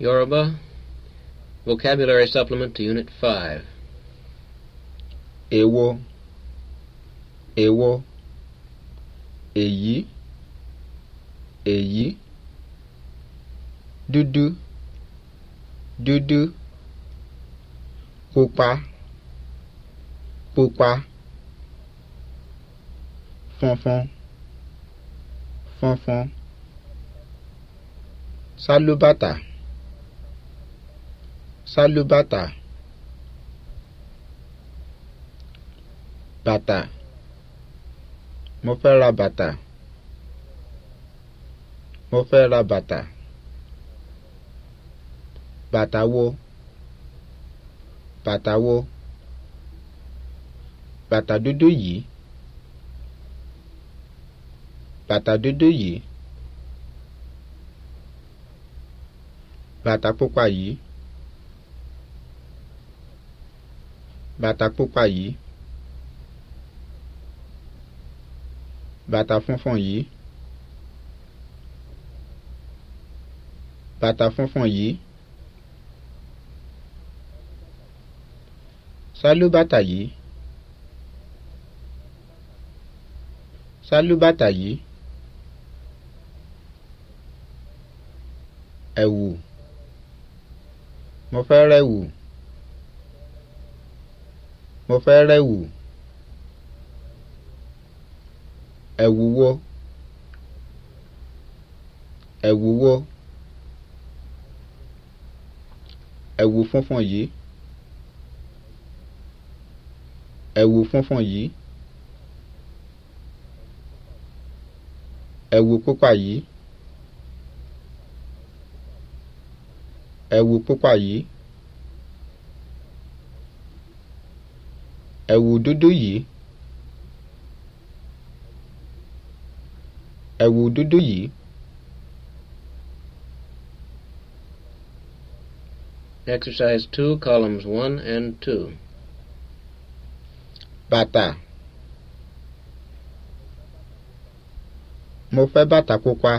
Yoruba Vocabulary Supplement to Unit 5. Èwo Èwo Èyí Èyí Dúdú Dúdú Pupa Pupa Funfun Funfun Sálúbàtà sálúbàtà Bata, mo fẹ́ ra Bata, mo fẹ́ ra bàtà bàtà wo bàtà wo bàtà dúdú yìí bàtà dúdú yìí bàtà pupa yìí. bàtà pupa yìí bàtà funfun yìí bàtà funfun yìí sálúbàtà yìí sálúbàtà yìí ẹ̀wù mo fẹ́ rẹ̀wù. Mo fẹ́ rẹ̀wù. Ẹ̀wù wo? Ẹ̀wù wo? Ẹ̀wù funfun yìí. Ẹ̀wù funfun yìí. Ẹ̀wù pupa yìí. Ẹ̀wù pupa yìí. ẹ wo òdòdó yìí ẹ wo òdòdó yìí exercise two columns one and two. bàtà mo fẹ́ bàtà pupa.